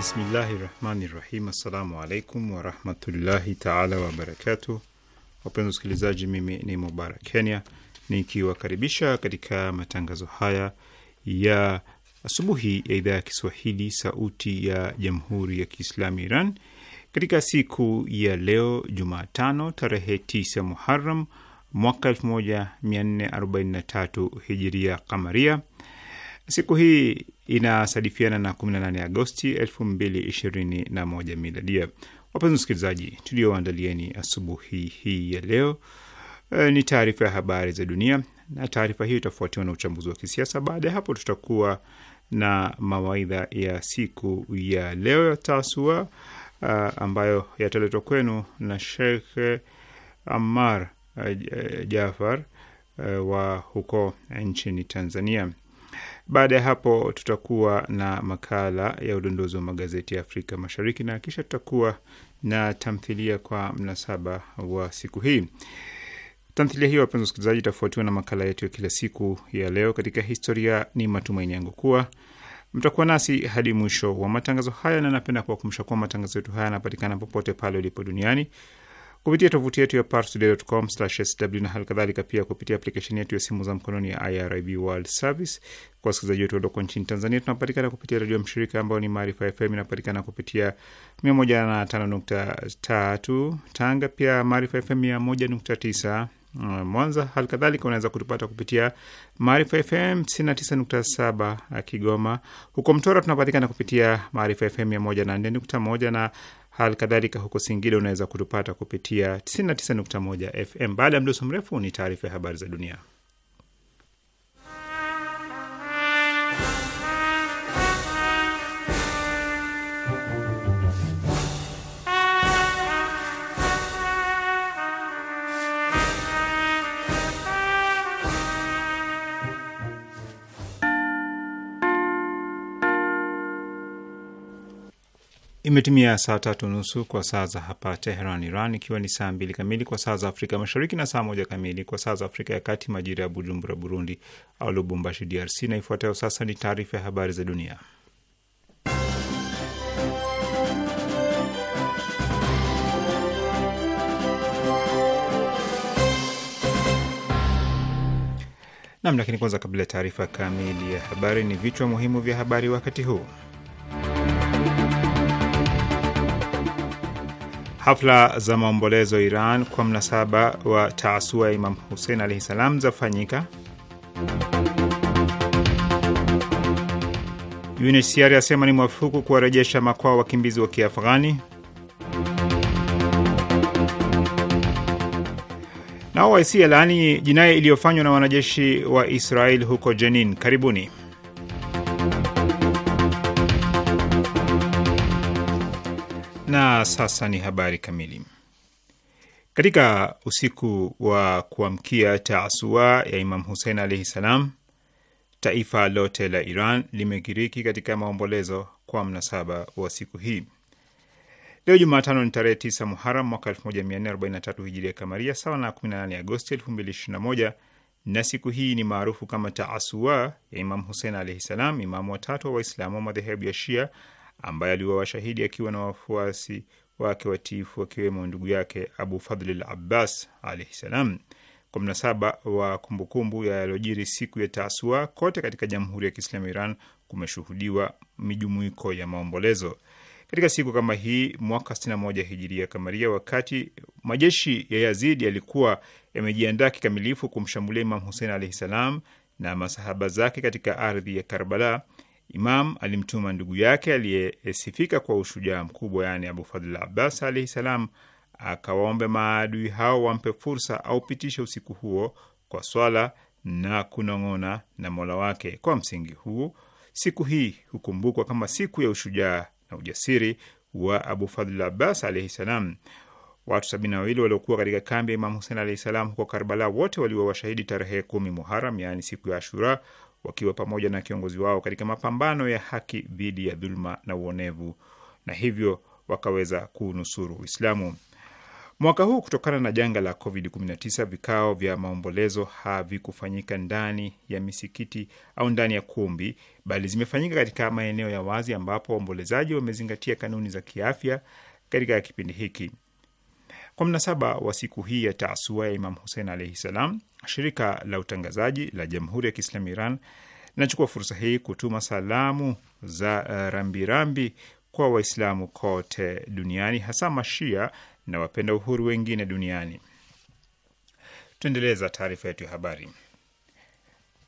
Bismillahi rahmani rahim. Assalamu alaikum warahmatullahi taala wabarakatuh. Wapenzi wasikilizaji, mimi ni Mubarak Kenya nikiwakaribisha katika matangazo haya ya asubuhi ya idhaa ya Kiswahili sauti ya jamhuri ya Kiislami Iran katika siku ya leo Jumatano tarehe 9 Muharram mwaka 1443 hijiria kamaria. Siku hii inasadifiana na 18 Agosti 2021 miladia. Wapenzi wasikilizaji, tulioandalieni asubuhi hii ya leo e, ni taarifa ya habari za dunia, na taarifa hiyo itafuatiwa na uchambuzi wa kisiasa. Baada ya hapo, tutakuwa na mawaidha ya siku ya leo ya Tasua eh, ambayo yataletwa kwenu na Sheikh eh, Ammar Jafar wa huko nchini Tanzania. Baada ya hapo, tutakuwa na makala ya udondozi wa magazeti ya Afrika Mashariki na kisha tutakuwa na tamthilia kwa mnasaba wa siku hii. Tamthilia hiyo, wapenzi wasikilizaji, itafuatiwa na makala yetu ya kila siku ya leo katika historia. Ni matumaini yangu kuwa mtakuwa nasi hadi mwisho wa matangazo haya, na napenda kuwakumbusha kuwa matangazo yetu haya yanapatikana popote pale ulipo duniani kupitia tovuti yetu ya parstoday.com/sw na halikadhalika pia kupitia aplikesheni yetu ya simu za mkononi ya IRIB World Service. Kwa wasikilizaji wetu walioko nchini Tanzania, tunapatikana kupitia redio mshirika ambayo ni Maarifa FM, inapatikana kupitia 105.3 Tanga, pia Maarifa FM 101.9 Eh, Mwanza. kadhalika unaweza kutupata kupitia Maarifa FM 99.7 eh, Kigoma. Huko Mtoro tunapatikana kupitia Maarifa FM 104.1 na kadhalika huko Singida unaweza kutupata kupitia 99.1 FM. Baada ya mdoso mrefu, ni taarifa ya habari za dunia. Imetimia saa tatu nusu kwa saa za hapa Teheran, Iran, ikiwa ni saa mbili kamili kwa saa za Afrika Mashariki na saa moja kamili kwa saa za Afrika ya Kati, majira ya Bujumbura, Burundi, au Lubumbashi, DRC. Na ifuatayo sasa ni taarifa ya habari za dunia, nam. Lakini kwanza, kabla ya taarifa kamili ya habari, ni vichwa muhimu vya habari wakati huu. Hafla za maombolezo Iran kwa mnasaba wa taasua ya Imam Husein alaihi salam zafanyika. UNHCR yasema ni mwafuku kuwarejesha makwao wakimbizi wa Kiafghani. Na OIC alaani jinai iliyofanywa na wanajeshi wa Israel huko Jenin. Karibuni. Na sasa ni habari kamili. Katika usiku wa kuamkia taasua ya Imam Husein alaihi salam, taifa lote la Iran limegiriki katika maombolezo kwa mnasaba wa siku hii. Leo Jumatano ni tarehe 9 Muharam mwaka 1443 hijiria kamaria, sawa na 18 Agosti 2021, na siku hii ni maarufu kama taasua ya Imam Husein alaihi salam, imamu watatu wa Waislamu wa madhehebu ya Shia ambaye aliwa shahidi akiwa na wafuasi wake watiifu wakiwemo ndugu yake Abu Fadhlil Abbas alaihi salam kwa mnasaba wa kumbukumbu ya yalojiri siku ya Taasua, kote katika Jamhuri ya Kiislamu ya Iran kumeshuhudiwa mijumuiko ya maombolezo. Katika siku kama hii mwaka 61 hijiria kamaria, wakati majeshi ya Yazidi yalikuwa yamejiandaa kikamilifu kumshambulia Imam Husein alaihi salam na masahaba zake katika ardhi ya Karbala, Imam alimtuma ndugu yake aliyesifika kwa ushujaa mkubwa, yaani Abu Fadhl Abbas alaihi salam, akawaombe maadui hao wampe fursa aupitishe usiku huo kwa swala na kunong'ona na mola wake. Kwa msingi huu, siku hii hukumbukwa kama siku ya ushujaa na ujasiri wa Abu Fadhl Abbas alaihi salam. Watu sabini na wawili waliokuwa katika kambi ya Imam Husein alahi salam huko Karbala wote waliwa washahidi tarehe kumi Muharam, yaani siku ya Ashura, wakiwa pamoja na kiongozi wao katika mapambano ya haki dhidi ya dhuluma na uonevu na hivyo wakaweza kunusuru Uislamu. Mwaka huu kutokana na janga la COVID-19, vikao vya maombolezo havikufanyika ndani ya misikiti au ndani ya kumbi, bali zimefanyika katika maeneo ya wazi ambapo waombolezaji wamezingatia kanuni za kiafya katika kipindi hiki. Kwa mnasaba wa siku hii ya taasua ya Imam Husein alaihi salam, shirika la utangazaji la Jamhuri ya Kiislamu Iran linachukua fursa hii kutuma salamu za uh, rambirambi kwa Waislamu kote duniani, hasa mashia na wapenda uhuru wengine duniani. Tuendeleza taarifa yetu ya habari.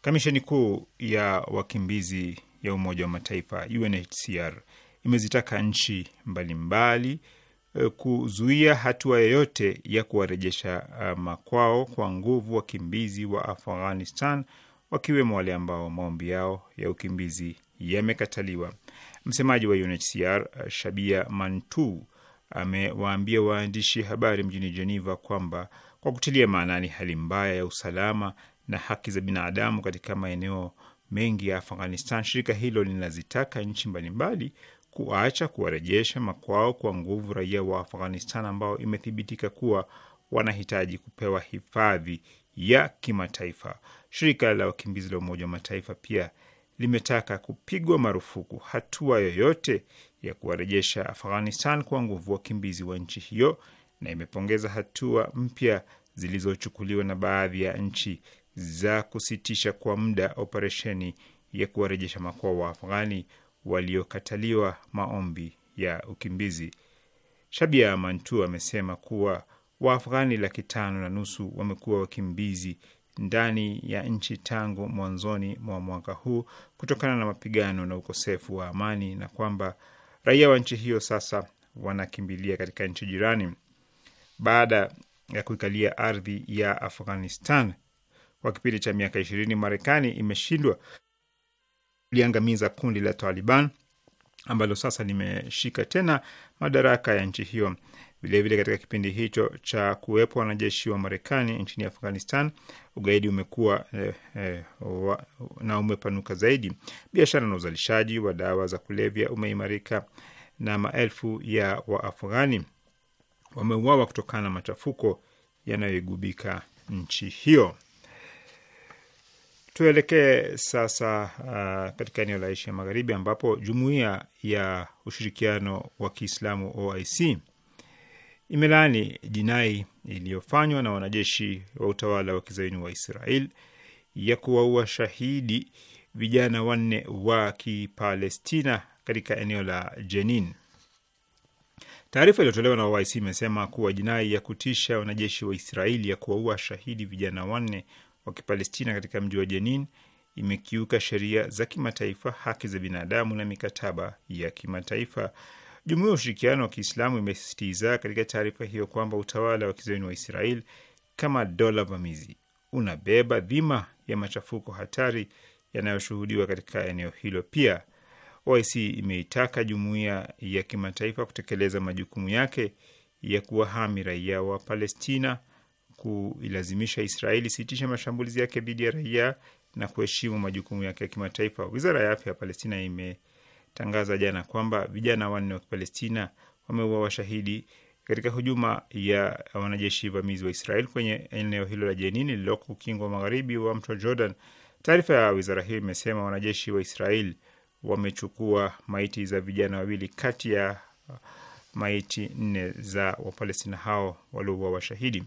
Kamisheni kuu ya wakimbizi ya Umoja wa Mataifa UNHCR imezitaka nchi mbalimbali mbali, Eh, kuzuia hatua yoyote ya kuwarejesha eh, makwao kwa nguvu wakimbizi wa Afghanistan, wakiwemo wale ambao maombi yao ya ukimbizi yamekataliwa. Msemaji wa UNHCR eh, Shabia Mantu amewaambia waandishi habari mjini Geneva kwamba kwa kutilia maanani hali mbaya ya usalama na haki za binadamu katika maeneo mengi ya Afghanistan, shirika hilo linazitaka nchi mbalimbali kuacha kuwarejesha makwao kwa nguvu raia wa Afghanistan ambao imethibitika kuwa wanahitaji kupewa hifadhi ya kimataifa. Shirika la wakimbizi la Umoja wa Mataifa pia limetaka kupigwa marufuku hatua yoyote ya kuwarejesha Afghanistan kwa nguvu wakimbizi wa nchi hiyo na imepongeza hatua mpya zilizochukuliwa na baadhi ya nchi za kusitisha kwa muda operesheni ya kuwarejesha makwao wa Afghani waliokataliwa maombi ya ukimbizi. Shabia Mantu amesema kuwa Waafghani laki tano na nusu wamekuwa wakimbizi ndani ya nchi tangu mwanzoni mwa mwaka huu kutokana na mapigano na ukosefu wa amani na kwamba raia wa nchi hiyo sasa wanakimbilia katika nchi jirani baada ya kuikalia ardhi ya Afghanistan kwa kipindi cha miaka ishirini. Marekani imeshindwa kuliangamiza kundi la Taliban ambalo sasa limeshika tena madaraka ya nchi hiyo. Vilevile, katika kipindi hicho cha kuwepo wanajeshi wa Marekani nchini Afghanistan, ugaidi umekuwa eh, eh, na umepanuka zaidi. Biashara na uzalishaji wa dawa za kulevya umeimarika na maelfu ya Waafghani wameuawa kutokana na machafuko yanayoigubika nchi hiyo. Tuelekee sasa uh, katika eneo la Asia Magharibi ambapo jumuiya ya ushirikiano wa Kiislamu OIC imelaani jinai iliyofanywa na wanajeshi wa utawala wa kizaini wa Israel ya kuwaua shahidi vijana wanne wa Kipalestina katika eneo la Jenin. Taarifa iliyotolewa na OIC imesema kuwa jinai ya kutisha wanajeshi wa Israeli ya kuwaua shahidi vijana wanne wa Kipalestina katika mji wa Jenin imekiuka sheria za kimataifa, haki za binadamu na mikataba ya kimataifa. Jumuiya ya Ushirikiano wa Kiislamu imesisitiza katika taarifa hiyo kwamba utawala wa kizayuni wa Israel kama dola vamizi unabeba dhima ya machafuko hatari yanayoshuhudiwa katika eneo hilo. Pia OIC imeitaka jumuiya ya kimataifa kutekeleza majukumu yake ya kuwahami raia wa Palestina kuilazimisha Israeli isitishe mashambulizi yake dhidi ya raia na kuheshimu majukumu yake ya kimataifa. Wizara ya afya ya Palestina imetangaza jana kwamba vijana wanne wa Kipalestina wameua washahidi katika hujuma ya wanajeshi vamizi wa Israel kwenye eneo hilo la Jenini lililoko ukingo wa magharibi wa mto Jordan. Taarifa ya wizara hiyo imesema wanajeshi wa Israel wamechukua maiti za vijana wawili kati ya maiti nne za Wapalestina hao waliouawa washahidi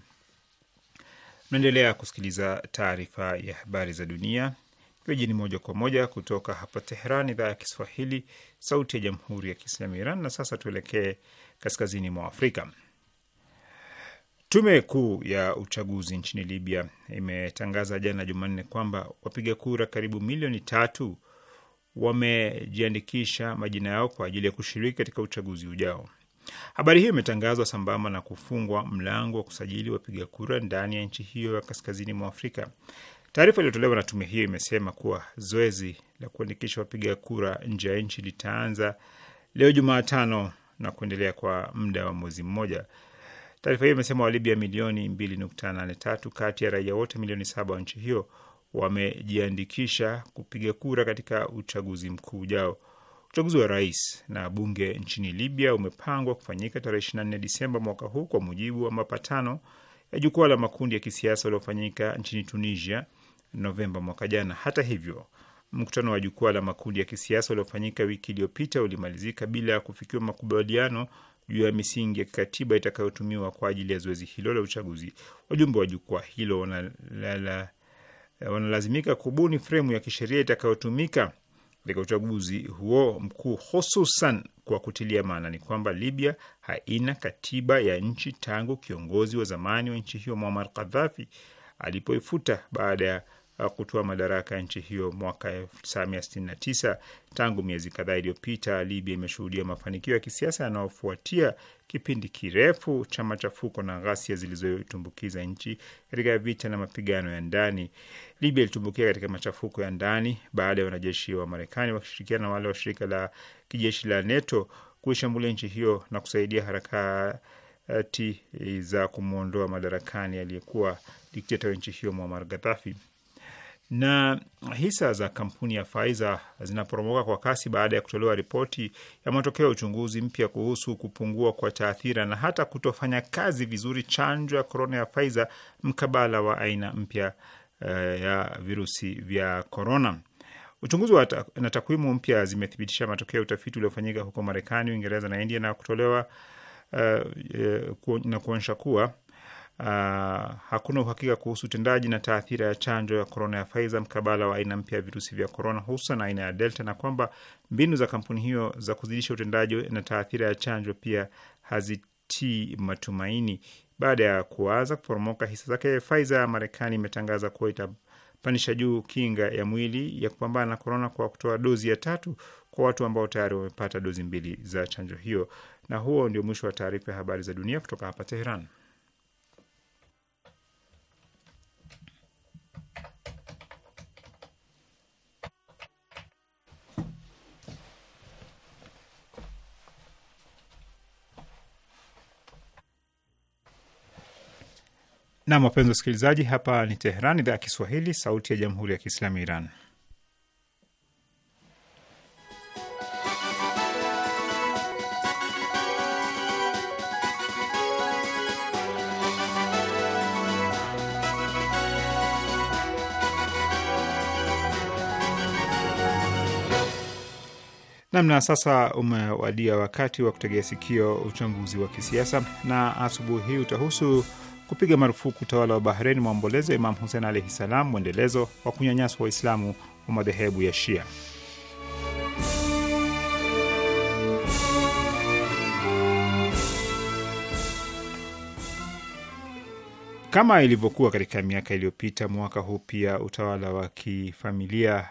Mnaendelea kusikiliza taarifa ya habari za dunia ikiwa ni moja kwa moja kutoka hapa teheran idhaa ya Kiswahili, sauti ya jamhuri ya kiislamu Iran. Na sasa tuelekee kaskazini mwa Afrika. Tume kuu ya uchaguzi nchini Libya imetangaza jana Jumanne kwamba wapiga kura karibu milioni tatu wamejiandikisha majina yao kwa ajili ya kushiriki katika uchaguzi ujao. Habari hiyo imetangazwa sambamba na kufungwa mlango wa kusajili wapiga kura ndani ya nchi hiyo ya kaskazini mwa Afrika. Taarifa iliyotolewa na tume hiyo imesema kuwa zoezi la kuandikisha wapiga kura nje ya nchi litaanza leo Jumatano na kuendelea kwa muda wa mwezi mmoja. Taarifa hiyo imesema Walibia milioni 2.83 kati ya raia wote milioni saba wa nchi hiyo wamejiandikisha kupiga kura katika uchaguzi mkuu ujao. Uchaguzi wa rais na bunge nchini Libya umepangwa kufanyika tarehe 24 Disemba mwaka huu kwa mujibu wa mapatano ya jukwaa la makundi ya kisiasa uliofanyika nchini Tunisia Novemba mwaka jana. Hata hivyo, mkutano wa jukwaa la makundi ya kisiasa uliofanyika wiki iliyopita ulimalizika bila ya kufikiwa makubaliano juu ya misingi ya kikatiba itakayotumiwa kwa ajili ya zoezi hilo la uchaguzi. Wajumbe wa jukwaa hilo wanalazimika kubuni fremu ya kisheria itakayotumika katika uchaguzi huo mkuu, hususan kwa kutilia maanani kwamba Libya haina katiba ya nchi tangu kiongozi wa zamani wa nchi hiyo Muammar Gaddafi alipoifuta baada ya Uh, kutoa madaraka ya nchi hiyo mwaka 1969. Tangu miezi kadhaa iliyopita, Libya imeshuhudia mafanikio ya kisiasa yanayofuatia kipindi kirefu cha machafuko na ghasia zilizotumbukiza nchi katika vita na mapigano ya ndani. Libya ilitumbukia katika machafuko ya ndani baada ya wanajeshi wa Marekani wakishirikiana na wale wa shirika la kijeshi la NATO kuishambulia nchi hiyo na kusaidia harakati za kumwondoa madarakani aliyekuwa dikteta wa nchi hiyo Muammar Gaddafi na hisa za kampuni ya Pfizer zinaporomoka kwa kasi baada ya kutolewa ripoti ya matokeo ya uchunguzi mpya kuhusu kupungua kwa taathira na hata kutofanya kazi vizuri chanjo ya korona ya Pfizer mkabala wa aina mpya uh, ya virusi vya korona. Uchunguzi na takwimu mpya zimethibitisha matokeo ya utafiti uliofanyika huko Marekani, Uingereza na India na kutolewa uh, uh, na kuonyesha kuwa Uh, hakuna uhakika kuhusu utendaji na taathira ya chanjo ya korona ya Pfizer mkabala wa aina mpya ya virusi vya korona hususan aina ya Delta, na kwamba mbinu za kampuni hiyo za kuzidisha utendaji na taathira ya chanjo pia hazitii matumaini. Baada ya kuanza kuporomoka hisa zake, Pfizer ya Marekani imetangaza kuwa itapandisha juu kinga ya mwili ya kupambana na korona kwa kutoa dozi ya tatu kwa watu ambao tayari wamepata dozi mbili za chanjo hiyo. Na huo ndio mwisho wa taarifa ya habari za dunia kutoka hapa Teheran. Nam, wapenzi wasikilizaji, hapa ni Teheran, idhaa ya Kiswahili, sauti ya jamhuri ya kiislamu Iran. Namna sasa umewadia wakati wa kutegea sikio uchambuzi wa kisiasa na asubuhi hii utahusu kupiga marufuku utawala wa Bahrein, maombolezo ya Imam husein alaihi salam, mwendelezo wa kunyanyaswa Waislamu wa madhehebu ya Shia. Kama ilivyokuwa katika miaka iliyopita, mwaka huu pia utawala wa kifamilia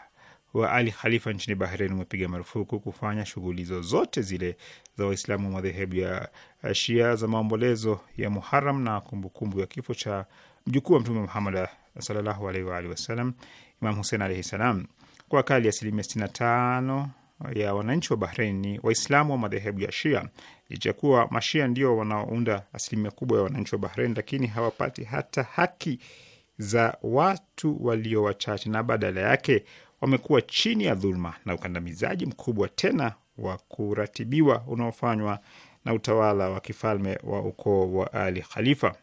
wa Ali Khalifa nchini Bahrain umepiga marufuku kufanya shughuli zozote zile za Waislamu wa madhehebu ya eh, Shia za maombolezo ya Muharam na kumbukumbu ya kifo cha mjukuu wa Mtume Muhammad eh, sallallahu alaihi wa alihi wasallam, Imam Husein alaihi salam. Kwa kali asilimia tano ya wananchi wa Bahrain ni Waislamu wa madhehebu ya Shia. Licha kuwa Mashia ndio wanaounda asilimia kubwa ya wananchi wa Bahrain, lakini hawapati hata haki za watu walio wachache na badala yake wamekuwa chini ya dhuluma na ukandamizaji mkubwa tena wa kuratibiwa unaofanywa na utawala wa kifalme wa ukoo wa Ali Khalifa.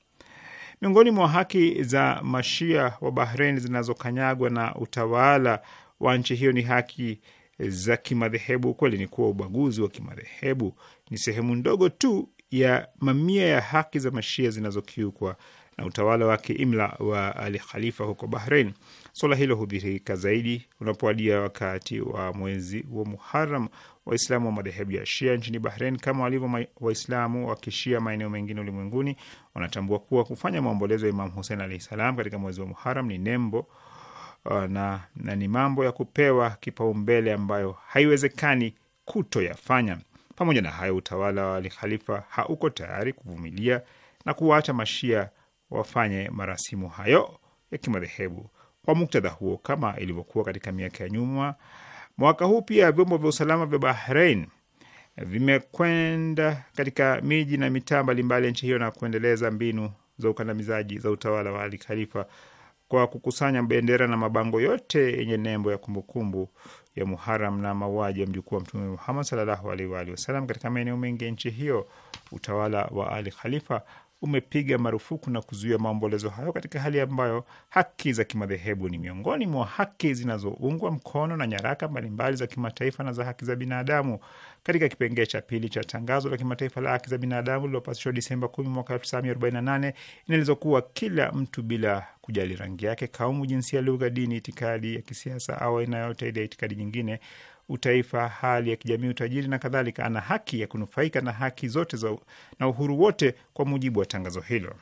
Miongoni mwa haki za Mashia wa Bahrein zinazokanyagwa na utawala wa nchi hiyo ni haki za kimadhehebu. Ukweli ni kuwa ubaguzi wa kimadhehebu ni sehemu ndogo tu ya mamia ya haki za mashia zinazokiukwa na utawala wa kiimla wa Ali Khalifa huko Bahrain. Swala hilo hudhihirika zaidi unapoadia wakati wa mwezi wa Muharam. Waislamu wa madhehebu ya Shia nchini Bahrain, kama walivyo Waislamu wa Kishia maeneo mengine ulimwenguni, wanatambua kuwa kufanya maombolezo ya Imam Husein alahi salam katika mwezi wa Muharam ni nembo uh, na, na ni mambo ya kupewa kipaumbele ambayo haiwezekani kutoyafanya. Pamoja na hayo, utawala wa Alikhalifa hauko tayari kuvumilia na kuwaacha Mashia wafanye marasimu hayo ya kimadhehebu. Kwa muktadha huo, kama ilivyokuwa katika miaka ya nyuma, mwaka huu pia vyombo vya usalama vya Bahrain vimekwenda katika miji na mitaa mbalimbali ya nchi hiyo na kuendeleza mbinu za ukandamizaji za utawala wa Alikhalifa kwa kukusanya bendera na mabango yote yenye nembo ya kumbukumbu ya Muharam na mauaji ya mjukuu wa Mtume Muhammad sallallahu alaihi wa alihi wasallam katika maeneo mengi ya nchi hiyo. Utawala wa Ali Khalifa umepiga marufuku na kuzuia maombolezo hayo katika hali ambayo haki za kimadhehebu ni miongoni mwa haki zinazoungwa mkono na nyaraka mbalimbali za kimataifa na za haki za binadamu. Katika kipengee cha pili cha tangazo la kimataifa la haki za binadamu lililopasishwa Disemba 10 mwaka 1948, inaelezwa kuwa kila mtu bila kujali rangi yake, kaumu, jinsia, lugha, dini, itikadi ya kisiasa au aina yote ile ya itikadi nyingine utaifa, hali ya kijamii, utajiri na kadhalika, ana haki ya kunufaika na haki zote za na uhuru wote kwa mujibu wa tangazo hilo.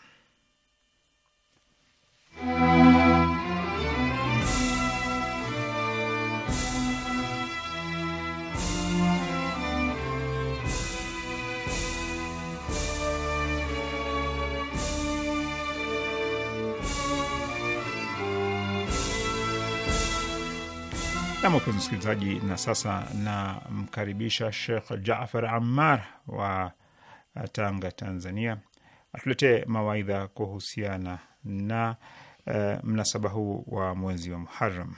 Nam, wapenzi msikilizaji, na sasa namkaribisha Shekh Jafar Ammar wa Tanga, Tanzania, atuletee mawaidha kuhusiana na uh, mnasaba huu wa mwezi wa Muharram.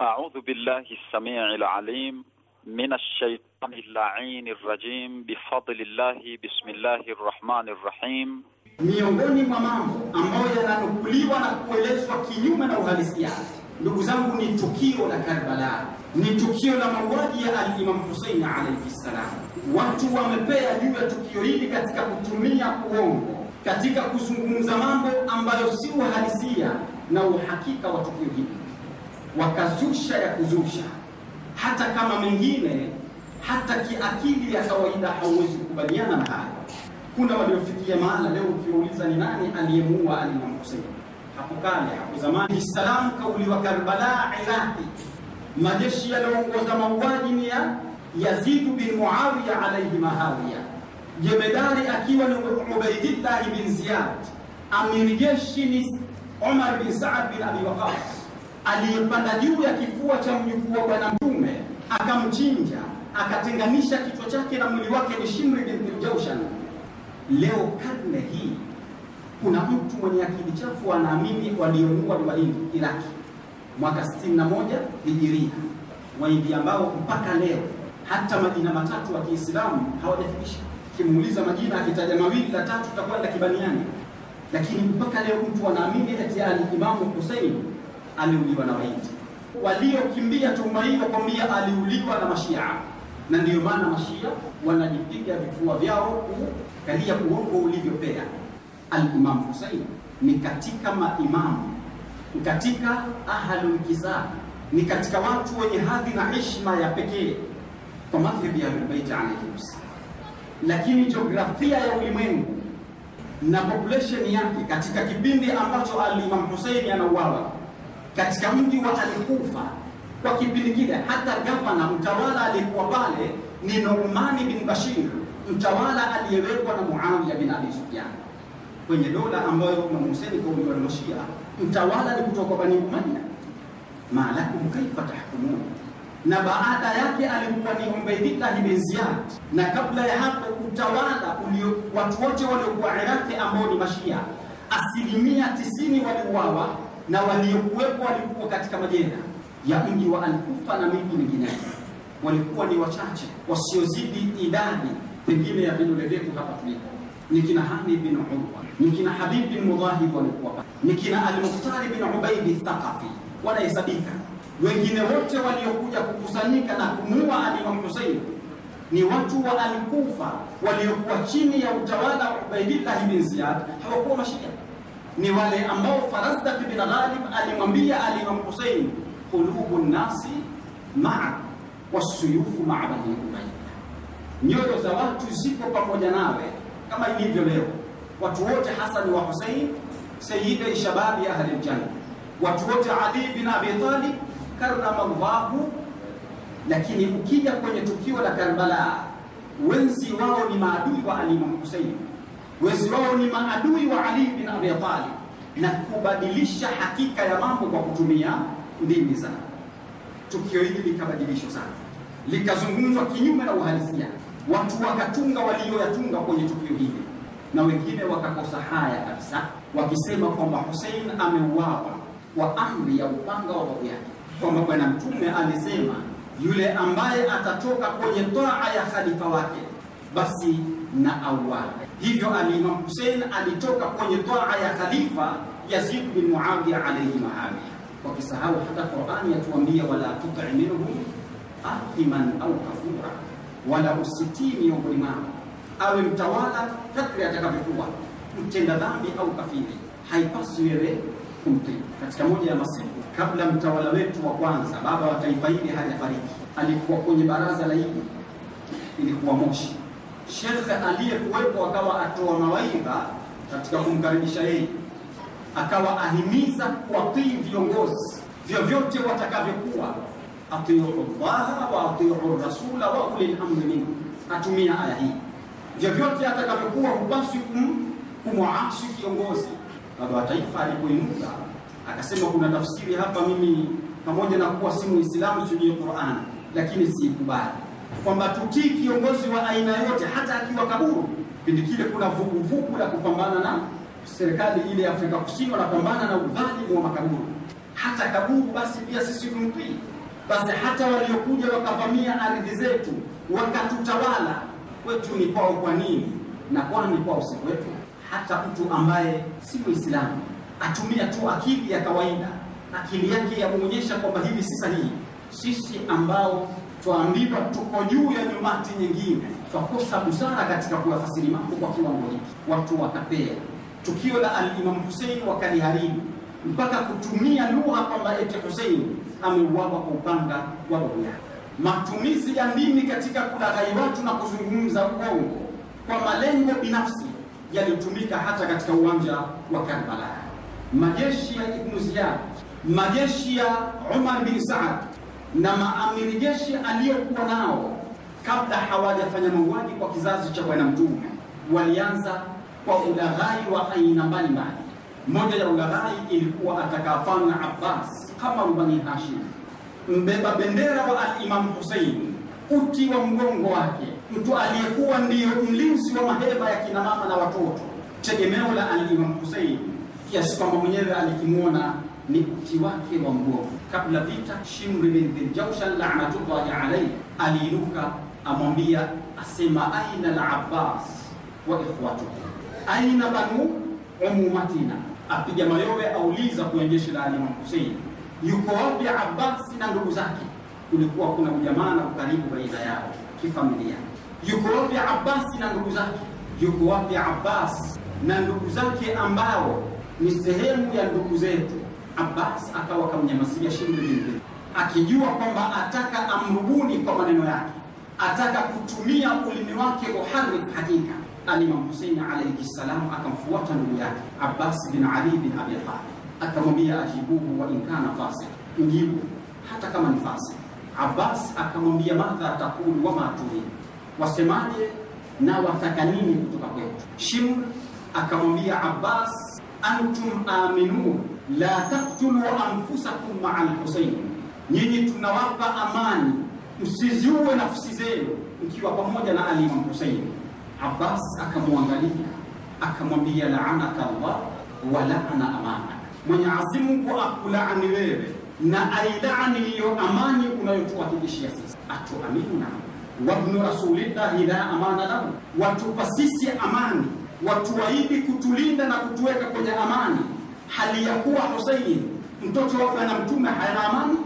أعوذ بالله lsamii lalim min الشيطان اللعين rajim بفضل الله بسم rahmani الرحمن miongoni mwa mambo ambayo yananukuliwa na kuelezwa kinyume na uhalisia ndugu zangu ni tukio la Karbala ni tukio la mauaji ya alimamu imam Hussein alayhi watu wamepea juu ya tukio hili katika kutumia uongo katika kuzungumza mambo ambayo si uhalisia na uhakika wa tukio hili wakazusha ya kuzusha, hata kama mengine hata kiakili ya kawaida hauwezi kukubaliana na hayo. Kuna waliofikia mahala leo ukiuliza ni nani aliyemuua Ali Imam Hussein, hapo kale, hapo zamani, salam kauli wa Karbala, Iraqi, majeshi yalioongoza mauaji ni ya Yazid bin Muawiya alayhi mahawiya, jemedari akiwa ni Ubaidillah bin Ziyad, amiri jeshi ni Umar bin Saad bin Abi Waqas aliyepanda juu ya kifua cha mjukuu wa Bwana Mtume akamchinja, akatenganisha kichwa chake na mwili wake ni Shimri bin Jaushan. Leo karne hii kuna mtu mwenye akili chafu anaamini waliomuua ni Waindi Iraki mwaka 61 Hijiria, Waindi ambao mpaka leo hata majina matatu wa Kiislamu hawajafikisha. Kimuuliza majina akitaja mawili la tatu takwenda kibaniani, lakini mpaka leo mtu anaamini eti imamu Hussein aliuliwa na Wahindi. Waliokimbia tuhuma hiyo kwambia aliuliwa na Mashia, na ndiyo maana Mashia wanajipiga vifua vyao kukalia uongo ulivyopea. Alimamu husein Hussein ni katika maimamu, ni katika ahlul kisa, ni katika watu wenye hadhi na heshima ya pekee kwa madhhabi ya Ahlulbeiti alaihim salam, lakini jiografia ya ulimwengu na population yake katika kipindi ambacho Al-Imam Hussein anauawa katika mji wa alikufa kwa kipindi kile, hata gavana mtawala aliyekuwa pale ni Nu'mani bin Bashir, mtawala aliyewekwa na Muawiya bin Abi Sufyan kwenye dola ambayo Imam Hussein kauliwa na Mashia, mtawala ni kutoka Bani Umayya. Malakum kaifa tahkumun, na baada yake alikuwa ni Ubaidillah bin Ziyad, na kabla ya hapo utawala ulio watu wote waliokuwa Iraq ambao ni Mashia asilimia tisini waliuawa na waliokuwepo walikuwa katika majela ya mji wa alkufa na miji mingine, walikuwa ni wachache wasiozidi idadi pengine ya vidole vyetu hapa tulipo. Ni kina Hani bin Urwa, ni kina Habib bin Mudhahib walikuwa pale, ni kina Al-Mukhtar bin ubaidi Thaqafi, wanahesabika. Wengine wote waliokuja kukusanyika na kumua Ali Hussein ni watu wa alkufa waliokuwa chini ya utawala wa Ubaidillah bin Ziyad, hawakuwa mashia ni wale ambao Farazdak bin Ghalib alimwambia Ali ibn Hussein, qulubu nnasi ma'a wasuyufu ma'a bani Umayya, nyoyo za watu zipo pamoja nawe kama ilivyo leo. Watu wote Hasan wa Hussein sayyida shababi ahli aljanna, watu wote Ali bin Abi Talib karrama Allahu. Lakini ukija kwenye tukio la Karbala, wenzi wao ni maadui wa Ali ibn Hussein wezi wao ni maadui wa Ali bin Abi Talib na kubadilisha hakika ya mambo kwa kutumia ndimi zao. Tukio hili likabadilishwa sana, likazungumzwa kinyume na uhalisia. Watu wakatunga walioyatunga kwenye tukio hili, na wengine wakakosa haya kabisa, wakisema kwamba Hussein ameuawa kwa amri ya upanga wa babu yake, kwamba Bwana Mtume alisema yule ambaye atatoka kwenye taa ya khalifa wake basi na awali. Hivyo Alimam Hussein alitoka kwenye toa ya khalifa Yazid bin Muawiya alayhi Kwa wakisahau hata Qur'ani yatuambia wala tuti minhum athiman au kafura, wala usitii miongoni mwao, awe mtawala kadri atakavyokuwa mtenda dhambi au kafiri, haipaswi wewe kumtii. Katika moja ya masiku kabla mtawala wetu wa kwanza, baba wa taifa hili hajafariki, alikuwa kwenye baraza la hili, ilikuwa Moshi shekhe aliyekuwepo akawa atoa mawaidha katika kumkaribisha yeye, akawa ahimiza kuwatii viongozi vyovyote watakavyokuwa, atiu llaha wa atiu rasula wa ulil amri minkum. Atumia aya hii, vyovyote atakavyokuwa hupaswi kumwaasi kiongozi. Baba wa Taifa alipoinuka akasema, kuna tafsiri hapa, mimi pamoja na kuwa si Muislamu sijui Qur'an, lakini siikubali kwamba tutii kiongozi wa aina yote, hata akiwa kaburu. Pindi kile kuna vuguvugu la kupambana na serikali ile ya Afrika Kusini, wanapambana na udhalimu wa makaburu, hata kaburu, basi pia sisi tumtii. Basi hata waliokuja wakavamia ardhi zetu wakatutawala, kwetu ni kwao, kwa nini? Na kwani kwao si kwetu? Hata mtu ambaye si Muislamu atumia tu akili ya kawaida, akili yake yamuonyesha kwamba hivi si sahihi. Sisi ambao twaandika tuko juu ya nyumati nyingine, twakosa busara katika kuyafasiri mambo kwa kiwango hiki. Watu wakapea tukio la alimamu Husein wakaliharibu mpaka kutumia lugha kwamba eti Husein ameuawa kwa upanga wa babu yake. Matumizi ya dini katika kulaghai watu na kuzungumza uongo kwa malengo binafsi yalitumika hata katika uwanja wa Karbala. Majeshi ya Ibnu Ziyad, majeshi ya Umar bin Saad na maamiri jeshi aliyokuwa nao kabla hawajafanya mauaji kwa kizazi cha Bwana Mtume, walianza kwa ulaghai wa aina mbalimbali. Moja ya ulaghai ilikuwa atakafana Abbas kama Bani Hashim, mbeba bendera wa alimamu imam Hussein, uti wa mgongo wake, mtu aliyekuwa ndiyo mlinzi wa maheba ya kina mama na watoto, tegemeo la alimamu imam Hussein, kiasi kwamba mwenyewe alikimwona ni uti wake wa mgongo. Kabla vita, Shimri bin Dhiljawshan laanatullahi alayhi aliinuka amwambia, asema aina al-Abbas wa ikhwatuhu aina banu umumatina, apiga mayowe, auliza kwenye jeshi la Imam Hussein, yuko wapi Abbas na ndugu zake? Kulikuwa kuna ujamaa na ukaribu baina yao kifamilia. Yuko wapi Abbas na ndugu zake? Yuko wapi Abbas na ndugu zake ambao ni sehemu ya ndugu zetu Abbas akawa akamnyamazia Shimri bin akijua kwamba ataka amrubuni kwa maneno yake, ataka kutumia ulimi wake uharibu hakika. alimam imam Hussein alayhi salam akamfuata ndugu yake Abbas bin Ali bin Abi Talib akamwambia, ajibuhu wa in kana fasik, mjibu hata kama ni fasik. Abbas akamwambia, madha takulu wa ma wasemaje na wataka nini kutoka kwetu? Shimr akamwambia Abbas, antum aminun la taktulu anfusakum maa lhusein, nyinyi tunawapa amani, msiziue nafsi zenu mkiwa pamoja na alimamu Husein. Abbas akamwangalia akamwambia, laanaka Allah wa laana amanak, Mwenyezi Mungu akulaani wewe na ailaani hiyo amani unayotuhakikishia sisi. atuaminuna na wabnu rasulillahi la amana lahu, watupa sisi amani, watuahidi kutulinda na kutuweka kwenye amani hali ya kuwa Husayn mtoto wake na mtume ana amani.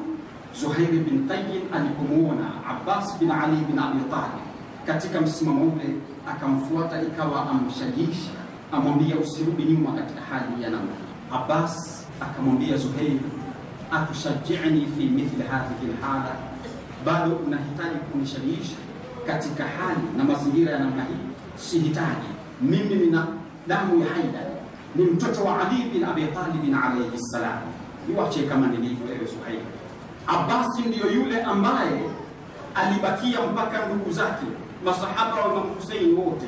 Zuhair bin Tayyib alipomuona Abbas bin Ali bin Abi Talib katika msimamo ule, akamfuata ikawa amshajisha, amwambia usirudi nyuma katika hali ya namna. Abbas akamwambia Zuhair, atushajiini fi mithli hadhihi lhala, bado unahitaji kunishajiisha katika hali na mazingira ya namna hii? Sihitaji, mimi nina damu ya haidar ni mtoto wa Ali bin Abi Talib alayhi salam. Niwache kama nilivyo wewe Suhaib. Abasi ndiyo yule ambaye alibakia mpaka ndugu zake masahaba wa Imam Hussein wote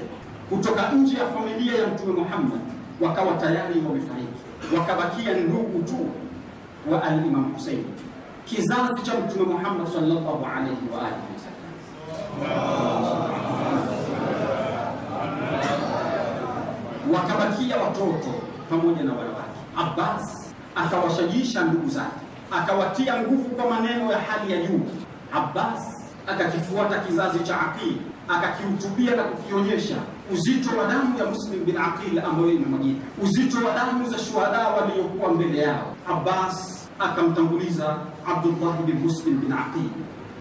kutoka nje ya familia ya Mtume Muhammad wakawa tayari wamefariki, wakabakia ndugu tu wa al-Imam Hussein, kizazi cha Mtume Muhammad sallallahu alayhi wa alihi wasallam. wakabakia watoto pamoja na wanawake. Abbas akawashajisha ndugu zake, akawatia nguvu kwa maneno ya hali ya juu. Abbas akakifuata kizazi cha Aqil, akakihutubia na kukionyesha uzito wa damu ya Muslim bin Aqil ambayo imemwagika, uzito wa damu za shuhada waliokuwa mbele yao. Abbas akamtanguliza Abdullah bin Muslim bin Aqil,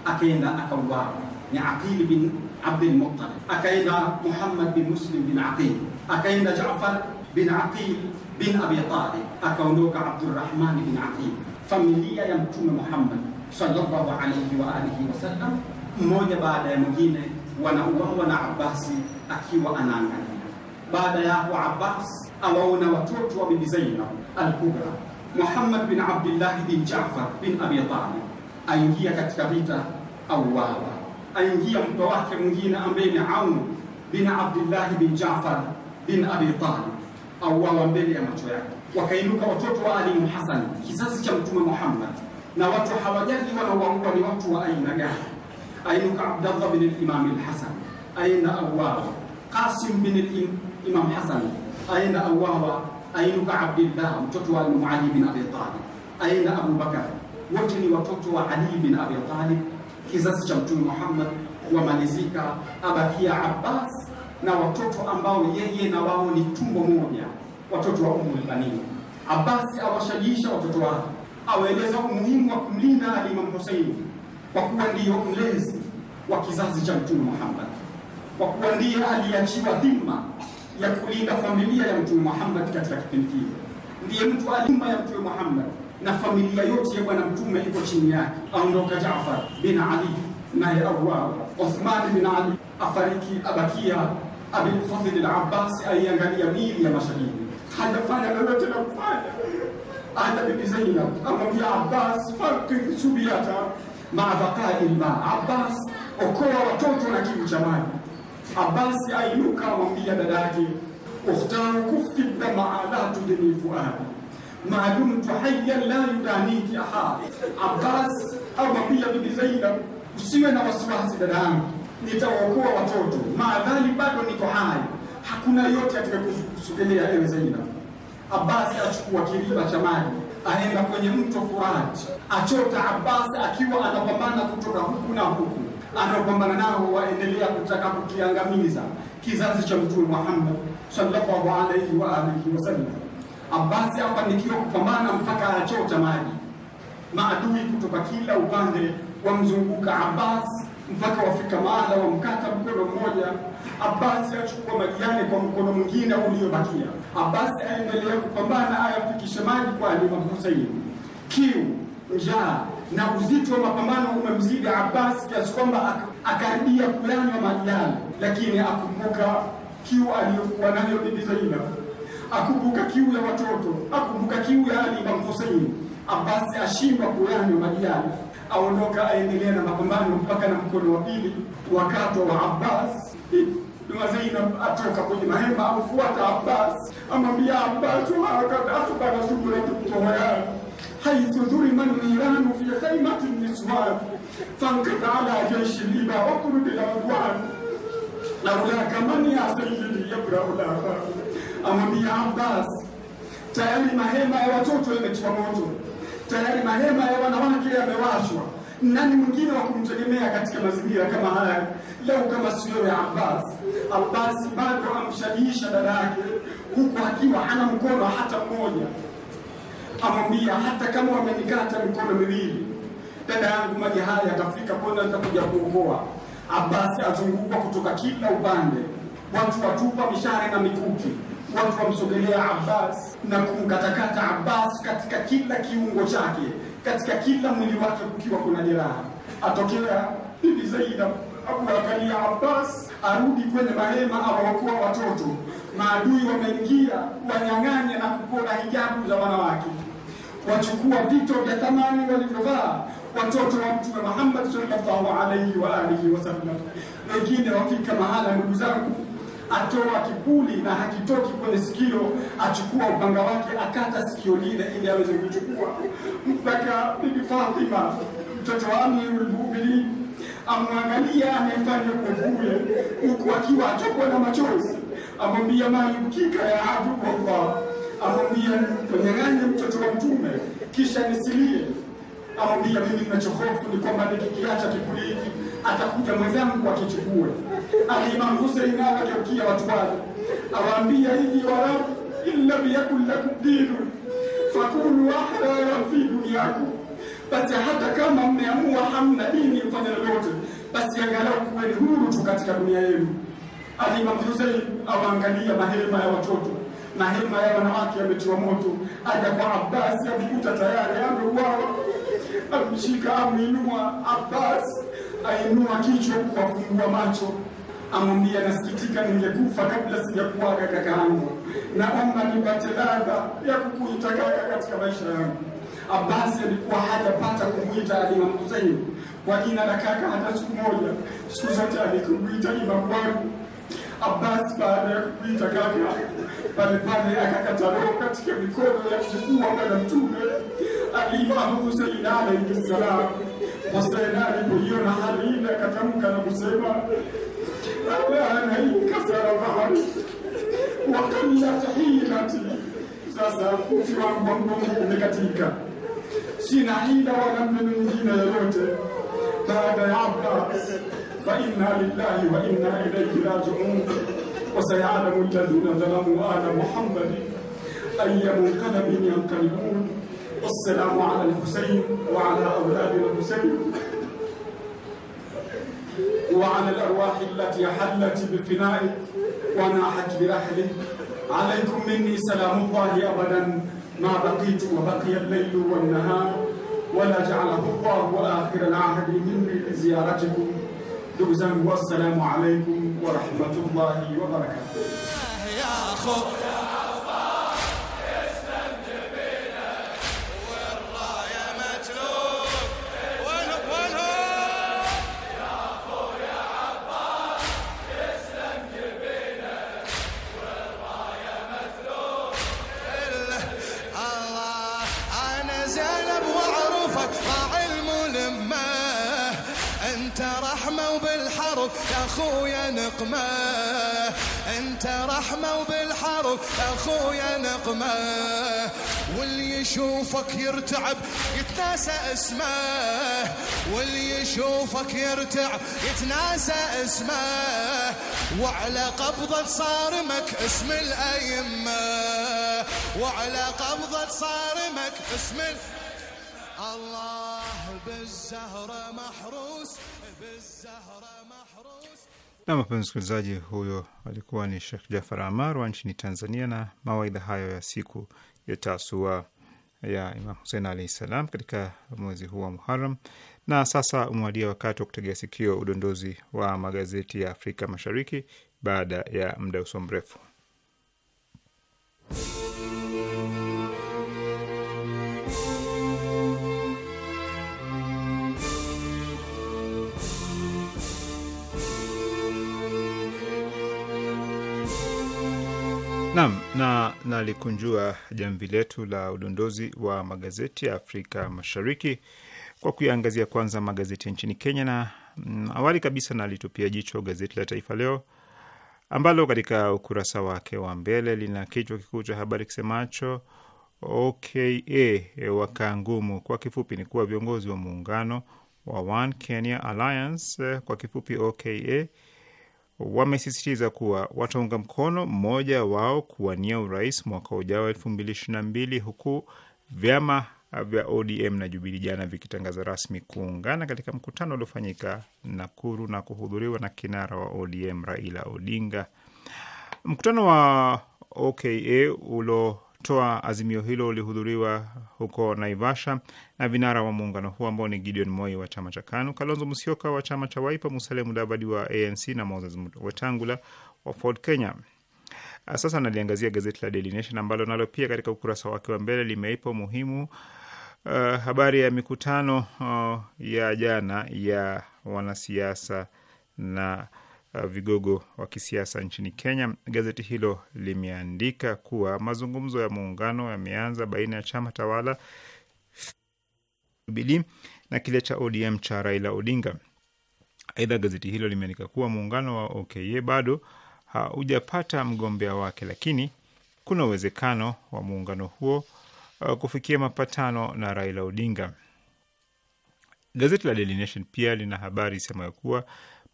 akaenda akauawa. Ni Aqil bin Abdul Muttalib, akaenda Muhammad bin Muslim bin Aqil akaenda Jaafar bin Aqil bin Abi Talib, akaondoka Abdurrahman bin Aqil. Familia ya Mtume Muhammad sallallahu alayhi wa alihi wasallam, mmoja baada ya mwingine wanauawa na Abasi akiwa anaangalia. Baada ya hapo, Abbas awaona watoto wa Bibi Zainab al-Kubra. Muhammad bin Abdullah bin Jaafar bin Abi Talib aingia katika vita, auawa. Aingia mtu wake mwingine ambaye ni Aun bin Abdullah bin Jaafar bin Abi Talib auawa mbele ya macho yake. Wakainuka watoto wa Ali Hassan, kizazi cha Mtume Muhammad, na watu hawajali wanaowaua ni watu wa aina gani. Ainuka Abdallah bin imam al-Hasan aina auawa, Qasim bin imam Hasan aina auawa, ainuka Abdillah mtoto wa Ali bin Abi Talib aina Abu Bakar, wote ni watoto wa Ali bin Abi Talib, kizazi cha Mtume Muhammad. Wamalizika abakia Abbas na watoto ambao yeye na wao ni tumbo moja, watoto wa Umu Albanin. Abasi awashajiisha watoto wake, awaeleza umuhimu wa kumlinda Alimamu Huseini kwa kuwa ndiyo mlezi wa kizazi cha Mtume Muhammad, kwa kuwa ndiye aliachiwa dhima ya kulinda familia ya Mtume Muhammad katika kipindi kile, ndiye mtu alimba ya Mtume Muhammad na familia yote ya Bwana Mtume iko chini yake. Aondoka Jaafar bin Ali naye auawa, Uthman bin Ali afariki, abakia Abul Fadhl al-Abbas aiangalia mili ya mashahidi, hajafanya lolote la kufanya. Hata bibi Zainab amwambia Abbas, fakir subiata maabaqai lma, Abbas okoa watoto na kiu cha maji. Abbas ainuka amwambia dada yake, ukhtaru kufi dama la tudni fuadi madumtu hayyan la yudaniki aha. Abbas amwambia bibi Zainab, usiwe na wasiwasi dada yangu nitawaokoa watoto, maadhali bado niko hai, hakuna yote atakayekusogelea ewe Zainab. Abbas achukua kiriba cha maji aenda kwenye mto Furat, achota. Abbas akiwa anapambana kutoka huku na huku, anaopambana nao waendelea kutaka kukiangamiza kizazi cha Mtume Muhammad salllahu alaihi waalihi wasallam. Abbas afanikiwa kupambana mpaka achota maji, maadui kutoka kila upande wamzunguka Abbas mpaka wafika mahala wamkata mkono mmoja. Abasi achukua maji kwa mkono mwingine uliobakia. Abasi aendelea kupambana, ayafikishe maji kwa Imamu Husein. Kiu, njaa na uzito wa mapambano umemzidi abas kiasi kwamba akaribia kuyanywa maji yale, lakini akumbuka kiu aliyokuwa nayo Bibi Zainab, akumbuka kiu ya watoto, akumbuka kiu ya Ali Imam Husein. Abbas ashindwa kuyanywa maji yale aondoka aendelea na mapambano mpaka na mkono wa pili wakatwa wa Abbas. mazaina atoka kwenye mahema amfuata Abbas, amwambia Abbas, wakad asbara shughulatu haithu dhuliman niranu fi khaimati niswan fankata ala jeshi liba wakulu bilangwan laulaka mani ya sayidi yabraulaba, amwambia Abbas, tayari mahema ya watoto yametiwa moto tayari mahema ya wanawake yamewashwa. Nani mwingine wa kumtegemea katika mazingira kama haya leo kama siyo ya Abbas? Abbas bado amshajiisha dada yake, huku akiwa hana mkono hata mmoja. Amwambia, hata kama wamenikata mikono miwili, dada yangu, maji haya yatafika kwenda nitakuja kuokoa. abbasi azungukwa kutoka kila upande, watu watupa mishare na mikuki watu wamsogelea Abbas na kumkatakata Abbas katika kila kiungo chake, katika kila mwili wake kukiwa kuna jeraha. Atokea Bibi Zainab amwangalia Abbas, arudi kwenye mahema, awaokoa watoto. Maadui wameingia, wanyang'anya na kupora hijabu za wanawake, wachukua vito vya thamani walivyovaa watoto wa Mtume Muhammad sallallahu alaihi wa alihi wasallam. Wengine wafika mahala, ndugu zangu atoa kipuli na hakitoki kwenye sikio, achukua upanga wake akata sikio lile ili aweze kuchukua. Mpaka Bibi Fatima mtoto wa Amirul Mu'minin amwangalia anayefanya kuvue huku akiwa atokwa na machozi, amwambia mayubkika ya abdu Allah, amwambia tonyang'anye mtoto wa Mtume kisha nisilie. Amwambia mimi ninachohofu ni kwamba nikikiacha kipuli hiki atakuja mwenzangu akichukue ali Imam Hussein naye akageukia watu wake awaambia hivi, wala in lam yakun lakum dinu fakulu ahrara fi dunyakum, basi hata kama mmeamua hamna dini mfanya lolote, basi angalau kuweni huru tu katika dunia yenu. Ali Imam Hussein awaangalia mahema ya watoto na hema ya wanawake ametiwa moto. Aja kwa Abbas amkuta tayari ameuawa, amshika amwinua. Abbas ainua kichwa kuwafungua macho amwambia, nasikitika, ningekufa kabla sijakuaga kakaangu, naomba nipate ladha ya kukuita kaka katika maisha yangu. Abasi alikuwa hajapata kumwita Imam Hussein kwa jina la kaka hata siku moja. Siku zote alikumwita Imam wangu. Abbas baada ya kumwita kaka pale pale akakata roho katika mikono ya mjukuu wa Bwana Mtume Ali Imam Hussein salam wasaenari kuiona hali ile akatamka na kusema awanaikasarabahari wakamilata hinati. Sasa uti wangu wa mgongo umekatika, sina hila wala mneno nyingine yoyote baada ya Abbas, fa inna lillahi wa inna ilayhi rajiun, wasayalamu alladhina dhalamu ala Muhammadin ayyamun qalbin yanqalibun السلام على الحسين وعلى أولاد الحسين وعلى الأرواح التي حلت بفنائك وناحت برحلك عليكم مني سلام الله أبدا ما بقيت وبقي الليل والنهار ولا جعله الله آخر العهد مني لزيارتكم دوزا والسلام عليكم ورحمة الله وبركاته يا اخويا نقمة انت رحمة وبالحرب اخويا نقمة واللي يشوفك يرتعب يتناسى اسمه واللي يشوفك يرتعب يتناسى اسمه وعلى قبضة صارمك اسم الأيمة وعلى قبضة صارمك اسم الله بالزهرة محروس بالزهرة محروس Na wapenzi msikilizaji, huyo alikuwa ni Shekh Jafar Amar wa nchini Tanzania na mawaidha hayo ya siku ya Taasua ya Imam Husein alahi salam katika mwezi huu wa Muharam. Na sasa umewadia wakati wa kutegea sikio udondozi wa magazeti ya Afrika Mashariki baada ya muda uso mrefu. Nam na nalikunjua jamvi letu la udondozi wa magazeti ya Afrika Mashariki kwa kuyaangazia kwanza magazeti ya nchini Kenya na mm, awali kabisa nalitupia jicho gazeti la Taifa Leo ambalo katika ukurasa wake wa mbele lina kichwa kikuu cha habari kisemacho OKA e, e, wakangumu Kwa kifupi ni kuwa viongozi wa muungano wa One Kenya Alliance, e, kwa kifupi OKA wamesisitiza kuwa wataunga mkono mmoja wao kuwania urais mwaka ujao elfu mbili ishirini na mbili huku vyama vya ODM na Jubili jana vikitangaza rasmi kuungana katika mkutano uliofanyika Nakuru na kuhudhuriwa na kinara wa ODM Raila Odinga. Mkutano wa OKA ulo kutoa azimio hilo ulihudhuriwa huko Naivasha na vinara wa muungano huo ambao ni Gideon Moi wa chama cha KANU, Kalonzo Musyoka wa chama cha waipa Musalia Mudavadi wa ANC na Moses Wetangula wa Ford Kenya. Ah, sasa naliangazia gazeti la Daily Nation ambalo nalo pia katika ukurasa wake wa mbele limeipa umuhimu uh, habari ya mikutano uh, ya jana ya wanasiasa na Uh, vigogo wa kisiasa nchini Kenya. Gazeti hilo limeandika kuwa mazungumzo ya muungano yameanza baina ya chama tawala Jubilee na kile cha ODM cha Raila Odinga. Aidha, gazeti hilo limeandika kuwa muungano wa OKA bado haujapata mgombea wake, lakini kuna uwezekano wa muungano huo uh, kufikia mapatano na Raila Odinga. Gazeti la Daily Nation pia lina habari isemayo kuwa